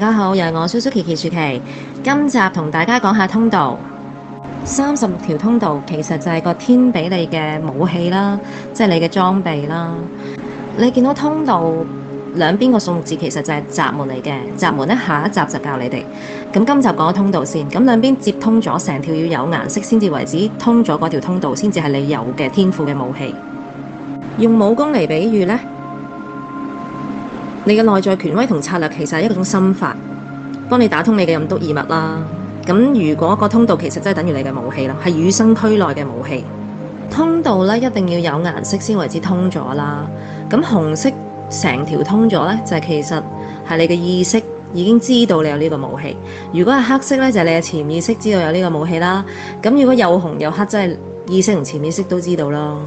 大家好，又係我 susukiki 薯琪。今集同大家講下通道，三十六條通道其實就係個天俾你嘅武器啦，即係你嘅裝備啦。你見到通道兩邊個數目字，其實就係閘門嚟嘅，閘門呢下一集就教你哋。咁今集講咗通道先，咁兩邊接通咗成條要有顏色先至為止，通咗嗰條通道先至係你有嘅天賦嘅武器。用武功嚟比喻呢。你嘅內在權威同策略，其實係一種心法，幫你打通你嘅任督二脈啦。咁如果個通道其實就係等於你嘅武器啦，係與生俱來嘅武器。通道呢一定要有顏色先為之通咗啦。咁紅色成條通咗呢，就係、是、其實係你嘅意識已經知道你有呢個武器。如果係黑色呢，就係、是、你嘅潛意識知道有呢個武器啦。咁如果又紅又黑，即、就、係、是、意識同潛意識都知道咯。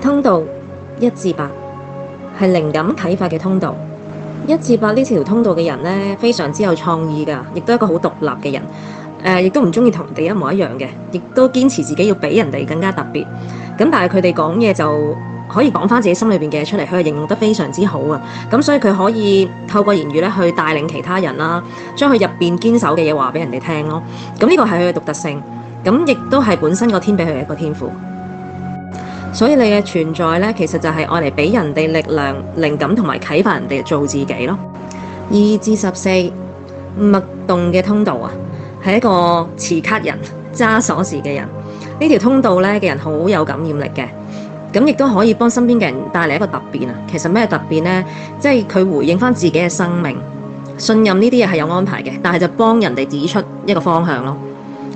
通道一至八。係靈感啟發嘅通道，一至八呢條通道嘅人呢，非常之有創意㗎，亦都係一個好獨立嘅人。誒、呃，亦都唔鍾意同人哋一模一樣嘅，亦都堅持自己要比人哋更加特別。咁但係佢哋講嘢就可以講返自己心裏面嘅嘢出嚟，佢又形容得非常之好啊。咁所以佢可以透過言語咧去帶領其他人啦，將佢入面堅守嘅嘢話俾人哋聽咯。咁呢個係佢嘅獨特性，咁亦都係本身個天俾佢嘅一個天賦。所以你嘅存在呢，其實就係愛嚟俾人哋力量、靈感同埋啟發人哋做自己咯。二至十四，脈動嘅通道啊，係一個持卡人、揸鎖匙嘅人。呢條通道呢，嘅人好有感染力嘅，咁亦都可以幫身邊嘅人帶嚟一個突變啊。其實咩突變呢？即係佢回應返自己嘅生命，信任呢啲嘢係有安排嘅，但係就幫人哋指出一個方向咯。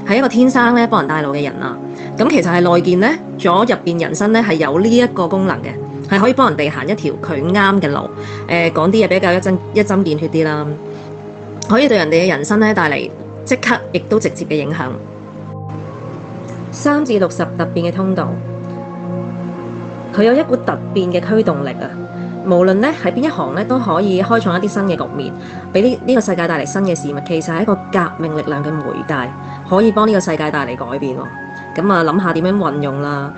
係一個天生咧幫人帶路嘅人啊！咁其實係內建咧左入面人生咧係有呢一個功能嘅，係可以幫人哋行一條佢啱嘅路。誒、呃、講啲嘢比較一針一針見血啲啦，可以對人哋嘅人生咧帶嚟即刻亦都直接嘅影響。三至六十突變嘅通道，佢有一股突變嘅驅動力啊！無論咧喺邊一行咧都可以開創一啲新嘅局面，俾呢呢個世界帶嚟新嘅事物，其實係一個革命力量嘅媒介。可以幫呢個世界帶嚟改變喎，咁啊，諗下點樣運用啦。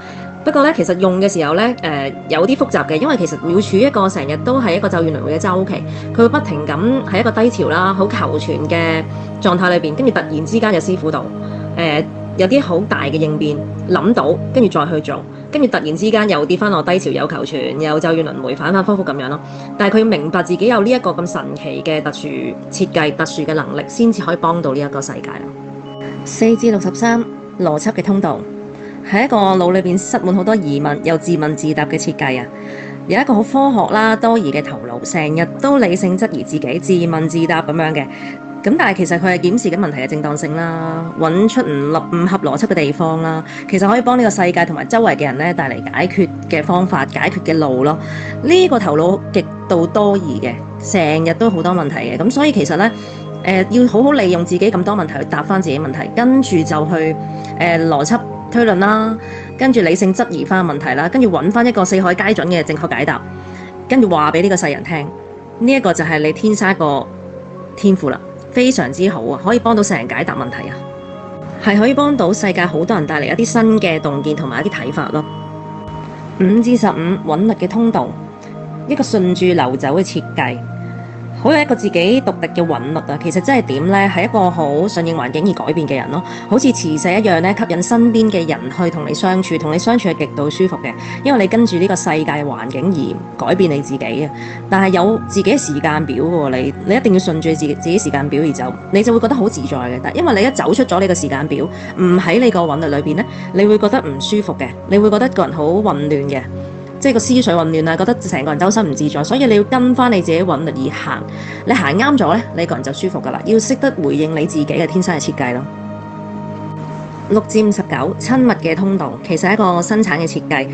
不過呢，其實用嘅時候呢，誒有啲複雜嘅，因為其實要處一個成日都係一個週轉輪迴嘅周期，佢會不停咁喺一個低潮啦，好求全嘅狀態裏面。跟住突然之間有師傅度有啲好大嘅應變，諗到跟住再去做，跟住突然之間又跌翻落低潮，有求全，又週轉輪迴，反反覆覆咁樣咯。但係佢要明白自己有呢一個咁神奇嘅特殊設計、特殊嘅能力，先至可以幫到呢一個世界。四至六十三邏輯嘅通道，係一個腦裏邊塞滿好多疑問又自問自答嘅設計啊！有一個好科學啦、多疑嘅頭腦，成日都理性質疑自己、自問自答咁樣嘅。咁但係其實佢係檢視緊問題嘅正當性啦，揾出唔立唔合邏輯嘅地方啦。其實可以幫呢個世界同埋周圍嘅人咧帶嚟解決嘅方法、解決嘅路咯。呢、呢個頭腦極度多疑嘅，成日都好多問題嘅。咁所以其實呢。誒、呃、要好好利用自己咁多問題去答翻自己的問題，跟住就去誒邏輯推論啦，跟住理性質疑翻問題啦，跟住揾翻一個四海皆準嘅正確解答，跟住話俾呢個世人聽，呢、這、一個就係你天生個天賦啦，非常之好啊，可以幫到世人解答問題啊，係可以幫到世界好多人帶嚟一啲新嘅洞見同埋一啲睇法咯。五至十五韻律嘅通道，一個順住流走嘅設計。好有一個自己獨特嘅韻律啊！其實真係點咧，係一個好順應環境而改變嘅人咯、哦。好似磁石一樣咧，吸引身邊嘅人去同你相處，同你相處係極度舒服嘅，因為你跟住呢個世界環境而改變你自己啊！但係有自己的時間表喎、哦，你你一定要順住自自己，自己時間表而走，你就會覺得好自在嘅。但因為你一走出咗呢個時間表，唔喺呢個韻律裏邊咧，你會覺得唔舒服嘅，你會覺得個人好混亂嘅。即係個思緒混亂啊，覺得成個人周身唔自在，所以你要跟翻你自己韻律而行，你行啱咗咧，你個人就舒服㗎喇。要識得回應你自己嘅天生嘅設計咯。六至五十九，59, 親密嘅通道其實係一個生產嘅設計。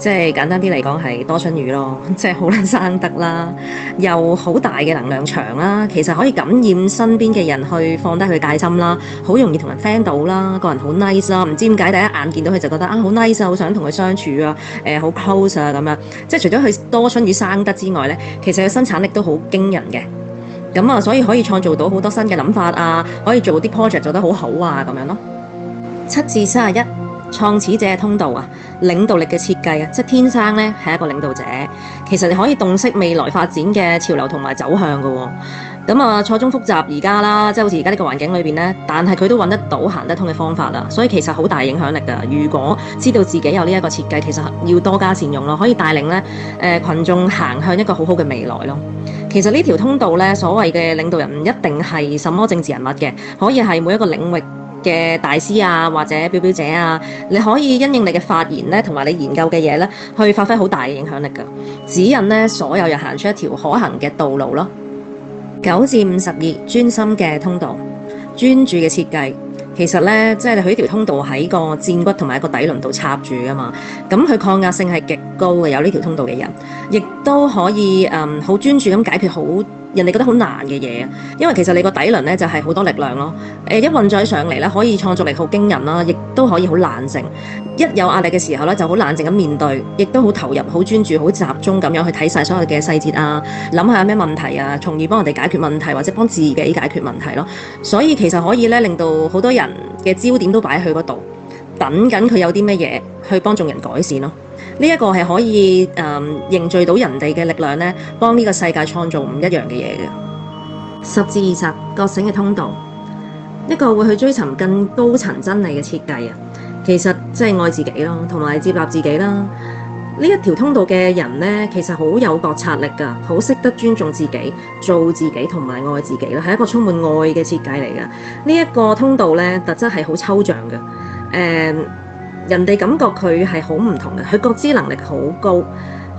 即係簡單啲嚟講係多春魚咯，即係好難生得啦，又好大嘅能量場啦，其實可以感染身邊嘅人去放低佢戒心啦，好容易同人 friend 到啦，個人好 nice 啦，唔知點解第一眼見到佢就覺得啊好 nice 啊，好想同佢相處啊，誒、呃、好 close 啊咁樣。即係除咗佢多春魚生得之外咧，其實佢生產力都好驚人嘅。咁啊，所以可以創造到好多新嘅諗法啊，可以做啲 project 做得好好啊咁樣咯。七至三十一創始者通道啊！領導力嘅設計啊，即係天生咧係一個領導者，其實可以洞悉未來發展嘅潮流同埋走向噶喎、哦。咁啊，錯綜複雜而家啦，即好似而家呢個環境裏面呢，但係佢都搵得到行得通嘅方法啦。所以其實好大影響力噶。如果知道自己有呢一個設計，其實要多加善用咯，可以帶領呢誒呃、羣眾行向一個好好嘅未來咯。其實呢條通道呢，所謂嘅領導人唔一定係什麼政治人物嘅，可以係每一個領域。嘅大師啊，或者表表者啊，你可以因應你嘅發言呢，同埋你研究嘅嘢呢，去發揮好大嘅影響力㗎，指引呢，所有人行出一條可行嘅道路咯。九至五十二，52，專心嘅通道，專注嘅設計。其實呢，即係佢條通道喺個薦骨同埋個底輪度插住㗎嘛，咁佢抗壓性係極高嘅。有呢條通道嘅人，亦都可以誒好專注咁解決好人哋覺得好難嘅嘢。因為其實你個底輪咧就係好多力量咯。誒一運載上嚟咧，可以創作力好驚人啦，亦都可以好冷靜。一有壓力嘅時候咧，就好冷靜咁面對，亦都好投入、好專注、好集中咁樣去睇晒所有嘅細節啊，諗下有咩問題啊，從而幫我哋解決問題或者幫自己解決問題咯。所以其實可以咧令到好多人嘅焦點都擺喺佢嗰度，等緊佢有啲乜嘢去幫眾人改善咯。呢、這、一個係可以誒、呃、凝聚到人哋嘅力量呢，幫呢個世界創造唔一樣嘅嘢嘅。十至二十覺醒嘅通道，一個會去追尋更高層真理嘅設計啊。其實即係愛自己咯，同埋接納自己啦。呢一條通道嘅人呢，其實好有覺察力㗎，好識得尊重自己、做自己同埋愛自己啦，係一個充滿愛嘅設計嚟㗎。呢、這、一個通道呢，特質係好抽象嘅，誒、嗯，人哋感覺佢係好唔同嘅，佢覺知能力好高。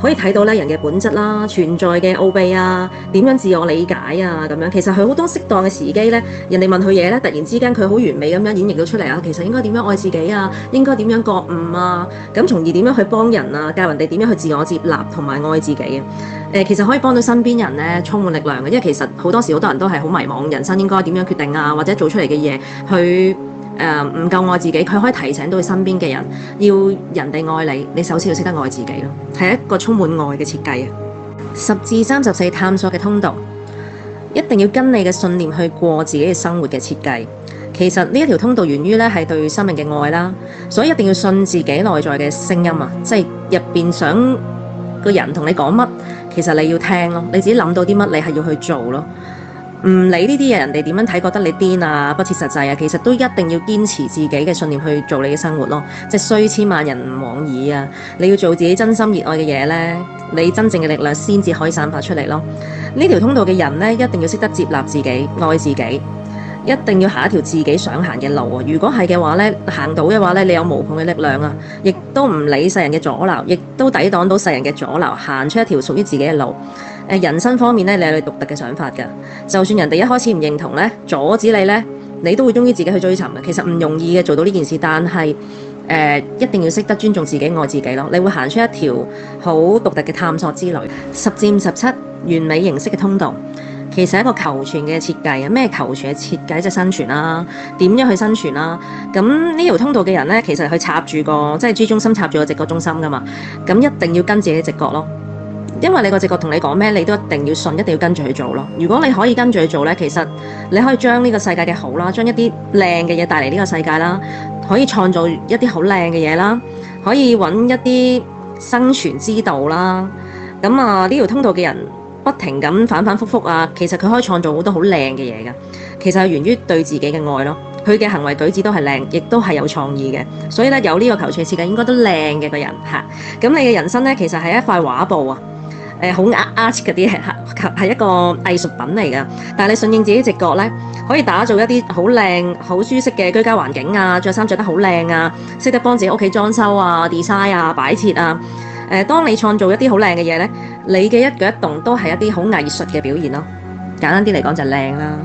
可以睇到人嘅本質啦，存在嘅奧秘啊，點樣自我理解啊，咁樣其實佢好多適當嘅時機呢，人哋問佢嘢咧，突然之間佢好完美咁樣演繹到出嚟啊，其實應該點樣愛自己啊，應該點樣覺悟啊，咁從而點樣去幫人啊，教人哋點樣去自我接納同埋愛自己，其實可以幫到身邊人呢，充滿力量嘅，因為其實好多時好多人都係好迷茫，人生應該點樣決定啊，或者做出嚟嘅嘢去。誒，唔夠愛自己，佢可以提醒到佢身邊嘅人，要人哋愛你，你首先要識得愛自己咯，係一個充滿愛嘅設計啊。十至三十四探索嘅通道，一定要跟你嘅信念去過自己嘅生活嘅設計。其實呢一條通道源於咧，係對生命嘅愛啦，所以一定要信自己內在嘅聲音啊，即係入邊想個人同你講乜，其實你要聽咯，你自己諗到啲乜，你係要去做咯。唔理呢啲嘢，人哋點樣睇，覺得你癲啊、不切實際啊，其實都一定要堅持自己嘅信念去做你嘅生活咯。即係雖千萬人吾往矣啊！你要做自己真心熱愛嘅嘢咧，你真正嘅力量先至可以散發出嚟咯。呢條通道嘅人呢，一定要識得接納自己、愛自己，一定要行一條自己想行嘅路喎、哦。如果係嘅話呢，行到嘅話呢，你有無窮嘅力量啊！亦都唔理世人嘅阻撓，亦都抵擋到世人嘅阻撓，行出一條屬於自己嘅路。人生方面咧，你有你獨特嘅想法㗎。就算人哋一開始唔認同呢，阻止你呢，你都會忠於自己去追尋嘅。其實唔容易嘅做到呢件事，但係、呃、一定要識得尊重自己、愛自己咯。你會行出一條好獨特嘅探索之旅。十至五十七完美形式嘅通道，其實係一個求存嘅設計,設計啊。咩求存嘅設計就生存啦，點樣去生存啦、啊？咁呢條通道嘅人咧，其實佢插住個即係、就是、G 中心插住個直覺中心㗎嘛。咁一定要跟自己直覺咯。因為你個直覺同你講咩，你都一定要信，一定要跟住去做咯。如果你可以跟住去做呢，其實你可以將呢個世界嘅好啦，將一啲靚嘅嘢帶嚟呢個世界啦，可以創造一啲好靚嘅嘢啦，可以揾一啲生存之道啦。咁啊，呢條通道嘅人不停咁反反覆覆啊，其實佢可以創造好多好靚嘅嘢㗎。其實係源於對自己嘅愛咯。佢嘅行為舉止都係靚，亦都係有創意嘅。所以咧，有呢個求存設計應該都靚嘅個人嚇。啊，咁你嘅人生呢，其實係一塊畫布啊。誒好 art 嗰啲嚇，係、呃、一個藝術品嚟㗎。但係你順應自己的直覺呢可以打造一啲好靚、好舒適嘅居家環境啊，著衫著得好靚啊，識得幫自己屋企裝修啊、design 啊、擺設啊。誒、呃，當你創造一啲好靚嘅嘢咧，你嘅一舉一動都係一啲好藝術嘅表現咯。簡單啲嚟講就靚啦，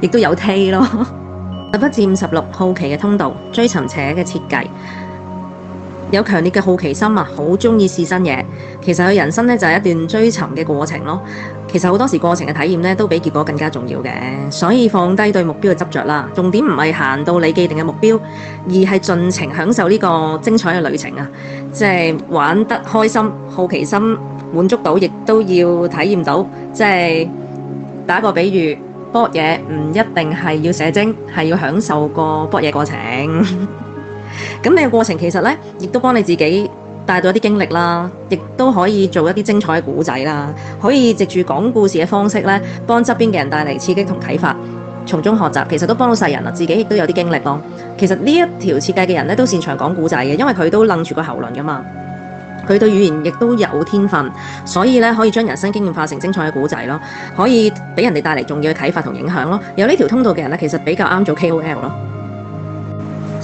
亦都有 T 咯。十一至五十六好奇嘅通道，追尋者嘅設計。有強烈嘅好奇心啊，好中意試新嘢。其實佢人生咧就係一段追尋嘅過程咯。其實好多時過程嘅體驗呢，都比結果更加重要嘅，所以放低對目標嘅執着啦。重點唔係行到你既定嘅目標，而係盡情享受呢個精彩嘅旅程啊！即係玩得開心，好奇心滿足到，亦都要體驗到。即係打個比喻，卜嘢唔一定係要射精，係要享受個卜嘢過程。 咁你嘅過程其實呢，亦都幫你自己帶到啲經歷啦，亦都可以做一啲精彩嘅故仔啦，可以藉住講故事嘅方式呢，幫側邊嘅人帶嚟刺激同啟發，從中學習，其實都幫到世人啊，自己亦都有啲經歷咯。其實呢一條設計嘅人呢，都擅長講故仔嘅，因為佢都愣住個喉輪㗎嘛，佢對語言亦都有天分，所以呢，可以將人生經驗化成精彩嘅故仔咯，可以俾人哋帶嚟重要嘅啟發同影響咯。有呢條通道嘅人呢，其實比較啱做 KOL 咯。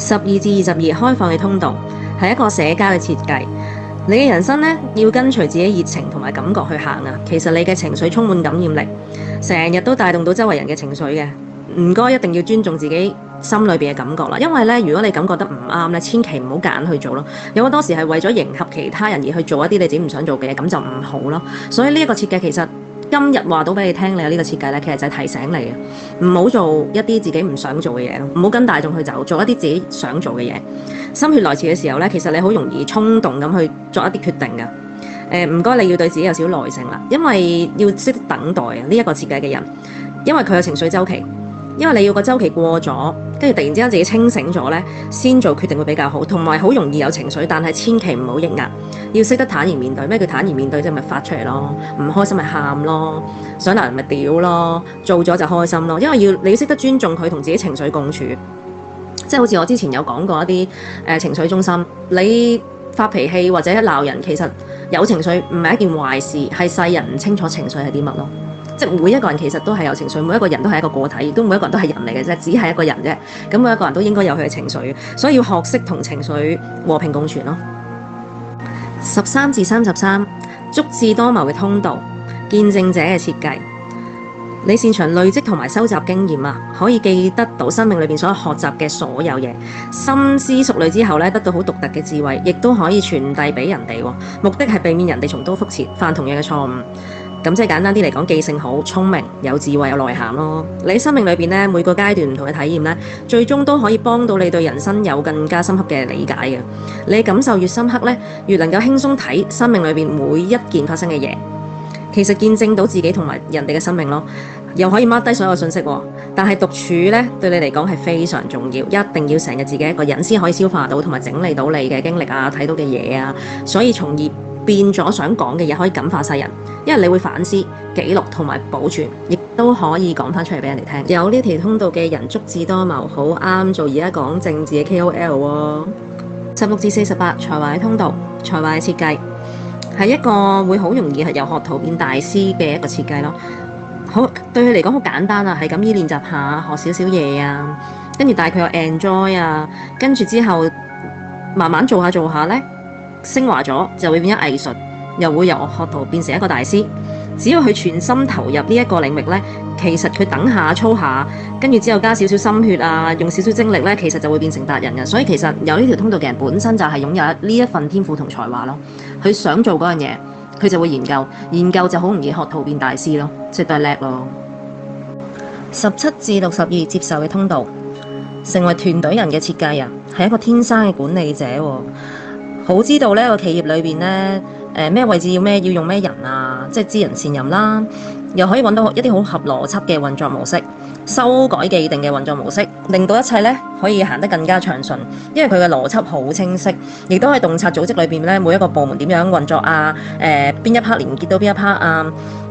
十二至二十二開放嘅通道係一個社交嘅設計。你嘅人生呢，要跟隨自己熱情同埋感覺去行啊！其實你嘅情緒充滿感染力，成日都帶動到周圍人嘅情緒嘅。唔該，一定要尊重自己心裏面嘅感覺啦。因為呢，如果你感覺得唔啱咧，千祈唔好夾硬去做咯。有好多時係為咗迎合其他人而去做一啲你自己唔想做嘅嘢，咁就唔好咯。所以呢個設計其實。今日話到俾你聽，你有呢個設計咧，其實就係提醒你啊，唔好做一啲自己唔想做嘅嘢咯，唔好跟大眾去走，做一啲自己想做嘅嘢。心血來潮嘅時候咧，其實你好容易衝動咁去做一啲決定㗎。誒、呃，唔該，你要對自己有少少耐性啦，因為要識等待啊。呢一個設計嘅人，因為佢有情緒周期，因為你要個周期過咗，跟住突然之間自己清醒咗咧，先做決定會比較好，同埋好容易有情緒，但係千祈唔好抑壓。要識得坦然面對，咩叫坦然面對？即係咪發出嚟咯？唔開心咪喊咯，想鬧人咪屌咯，做咗就開心咯。因為你要識得尊重佢同自己情緒共處，即係好似我之前有講過一啲、呃、情緒中心，你發脾氣或者鬧人，其實有情緒唔係一件壞事，係世人唔清楚情緒係啲乜咯。即係每一個人其實都係有情緒，每一個人都係一個個體，亦都每一個人都係人嚟嘅啫，只係一個人啫。咁每一個人都應該有佢嘅情緒，所以要學識同情緒和平共存咯。十三至三十三，足智多謀嘅通道，見證者嘅設計。你擅長累積同埋收集經驗啊，可以記得到生命裏邊所學習嘅所有嘢，深思熟慮之後咧，得到好獨特嘅智慧，亦都可以傳遞俾人哋。目的係避免人哋重蹈覆轍，犯同樣嘅錯誤。咁即係簡單啲嚟講，記性好，聰明，有智慧，有內涵咯。你生命裏面咧，每個階段唔同嘅體驗呢，最終都可以幫到你對人生有更加深刻嘅理解嘅。你感受越深刻咧，越能夠輕鬆睇生命裏面每一件發生嘅嘢。其實見證到自己同埋人哋嘅生命咯，又可以抹低所有信息。但係獨處咧，對你嚟講係非常重要，一定要成日自己一個人先可以消化到同埋整理到你嘅經歷啊、睇到嘅嘢啊。所以從而變咗想講嘅嘢可以感化世人，因為你會反思、記錄同埋保存，亦都可以講翻出嚟俾人哋聽。 有呢條通道嘅人足智多謀，好啱做而家講政治嘅 KOL 喎、哦。十六至四十八才華通道，才華設計係一個會好容易係由學徒變大師嘅一個設計咯。好對佢嚟講好簡單啊，係咁依練習下學少少嘢啊，跟住帶佢又 enjoy 啊，跟住之後慢慢做下做下咧。升華咗就會變咗藝術，又會由學徒變成一個大師。只要佢全心投入呢一個領域呢，其實佢等下操下，跟住之後加少少心血啊，用少少精力呢，其實就會變成達人嘅。所以其實有呢條通道嘅人本身就係擁有呢一份天賦同才華咯。佢想做嗰樣嘢，佢就會研究，研究就好容易學徒變大師咯，即係叻咯。十七至六十二接受嘅通道，成為團隊人嘅設計人，係一個天生嘅管理者喎。好知道呢個企業裏面呢，誒、呃、咩位置要咩要用咩人啊，即係知人善任啦、啊，又可以搵到一啲好合邏輯嘅運作模式，修改既定嘅運作模式，令到一切呢可以行得更加暢順。因為佢嘅邏輯好清晰，亦都係洞察組織裏面呢，每一個部門點樣運作啊，誒、呃、邊一 part 連結到邊一 part 啊，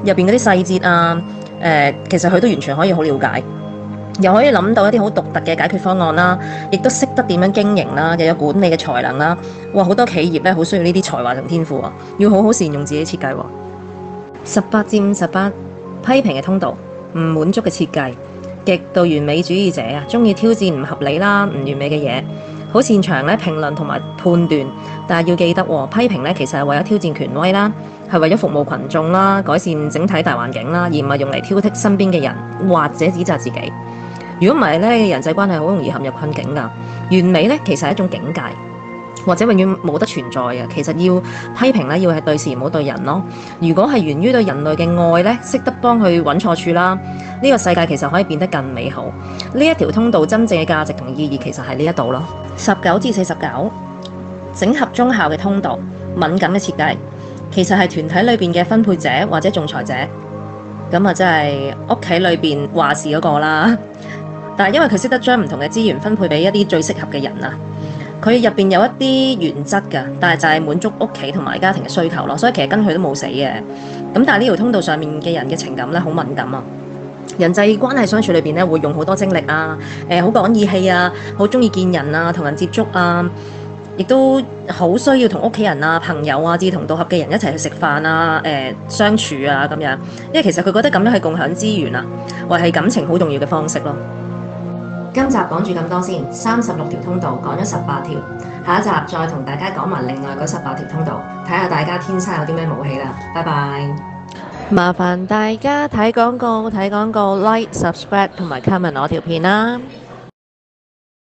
入面嗰啲細節啊，誒、呃、其實佢都完全可以好了解。又可以諗到一啲好獨特嘅解決方案啦，亦都識得點樣經營啦，又有管理嘅才能啦。哇，好多企業呢，好需要呢啲才華同天賦啊，要好好善用自己設計。十八至五十八，批評嘅通道，唔滿足嘅設計，極度完美主義者啊，中意挑戰唔合理啦、唔完美嘅嘢，好擅長呢評論同埋判斷。但係要記得喎，批評呢其實係為咗挑戰權威啦，係為咗服務群眾啦，改善整體大環境啦，而唔係用嚟挑剔身邊嘅人或者指責自己。如果唔係咧，人際關係好容易陷入困境㗎。完美咧，其實係一種境界，或者永遠冇得存在嘅。其實要批評咧，要係對事唔對人咯。如果係源於對人類嘅愛呢，識得幫佢揾錯處啦。呢、這個世界其實可以變得更美好。呢一條通道真正嘅價值同意義其實係呢一度咯。十九至四十九，49，整合中效嘅通道，敏感嘅設計，其實係團體裏面嘅分配者或者仲裁者。咁啊，即係屋企裏邊話事嗰個啦。但係，因為佢識得將唔同嘅資源分配俾一啲最適合嘅人啊，佢入邊有一啲原則㗎，但係就係滿足屋企同埋家庭嘅需求咯。所以其實跟佢都冇死嘅。咁但係呢條通道上面嘅人嘅情感咧，好敏感啊。人際關係相處裏邊咧，會用好多精力啊，誒、呃，好講義氣啊，好中意見人啊，同人接觸啊，亦都好需要同屋企人啊、朋友啊、志同道合嘅人一齊去食飯啊、誒、呃、相處啊咁樣。因為其實佢覺得咁樣係共享資源啊，或係感情好重要嘅方式咯。今集講住咁多先，三十六條通道講咗十八條，下一集再同大家講埋另外嗰十八條通道，睇下大家天生有啲咩武器啦。拜拜，麻煩大家睇廣告，睇廣告，like、subscribe 同埋 comment 我條片啦、啊。